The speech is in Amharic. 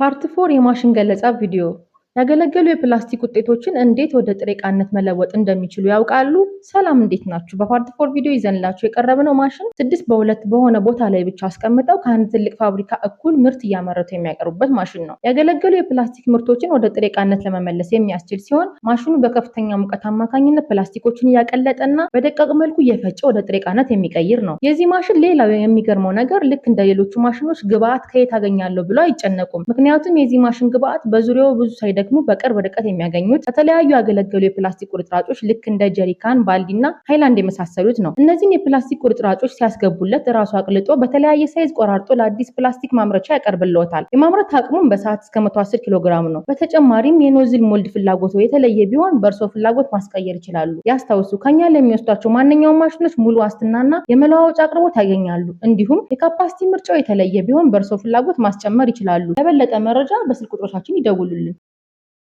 ፓርት ፎር የማሽን ገለጻ ቪዲዮ ያገለገሉ የፕላስቲክ ውጤቶችን እንዴት ወደ ጥሬ ዕቃነት መለወጥ እንደሚችሉ ያውቃሉ? ሰላም እንዴት ናችሁ? በፓርት ፎር ቪዲዮ ይዘንላችሁ የቀረብነው ማሽን ስድስት በሁለት በሆነ ቦታ ላይ ብቻ አስቀምጠው ከአንድ ትልቅ ፋብሪካ እኩል ምርት እያመረቱ የሚያቀርቡበት ማሽን ነው። ያገለገሉ የፕላስቲክ ምርቶችን ወደ ጥሬ ዕቃነት ለመመለስ የሚያስችል ሲሆን ማሽኑ በከፍተኛ ሙቀት አማካኝነት ፕላስቲኮችን እያቀለጠና በደቃቅ መልኩ እየፈጨ ወደ ጥሬ ዕቃነት የሚቀይር ነው። የዚህ ማሽን ሌላው የሚገርመው ነገር ልክ እንደ ሌሎቹ ማሽኖች ግብአት ከየት አገኛለሁ ብሎ አይጨነቁም። ምክንያቱም የዚህ ማሽን ግብአት በዙሪያው ብዙ ሳይደክሙ በቅርብ ርቀት የሚያገኙት ከተለያዩ ያገለገሉ የፕላስቲክ ቁርጥራጮች ልክ እንደ ጀሪካን ባልዲ እና ሃይላንድ የመሳሰሉት ነው። እነዚህን የፕላስቲክ ቁርጥራጮች ሲያስገቡለት ራሱ አቅልጦ በተለያየ ሳይዝ ቆራርጦ ለአዲስ ፕላስቲክ ማምረቻ ያቀርብልዎታል። የማምረት አቅሙም በሰዓት እስከ 110 ኪሎ ግራም ነው። በተጨማሪም የኖዝል ሞልድ ፍላጎት የተለየ ቢሆን በእርሶ ፍላጎት ማስቀየር ይችላሉ። ያስታውሱ፣ ከኛ ለሚወስዷቸው ማንኛውም ማሽኖች ሙሉ ዋስትናና የመለዋወጫ አቅርቦት ያገኛሉ። እንዲሁም የካፓሲቲ ምርጫው የተለየ ቢሆን በእርሶ ፍላጎት ማስጨመር ይችላሉ። ለበለጠ መረጃ በስልክ ቁጥሮቻችን ይደውሉልን።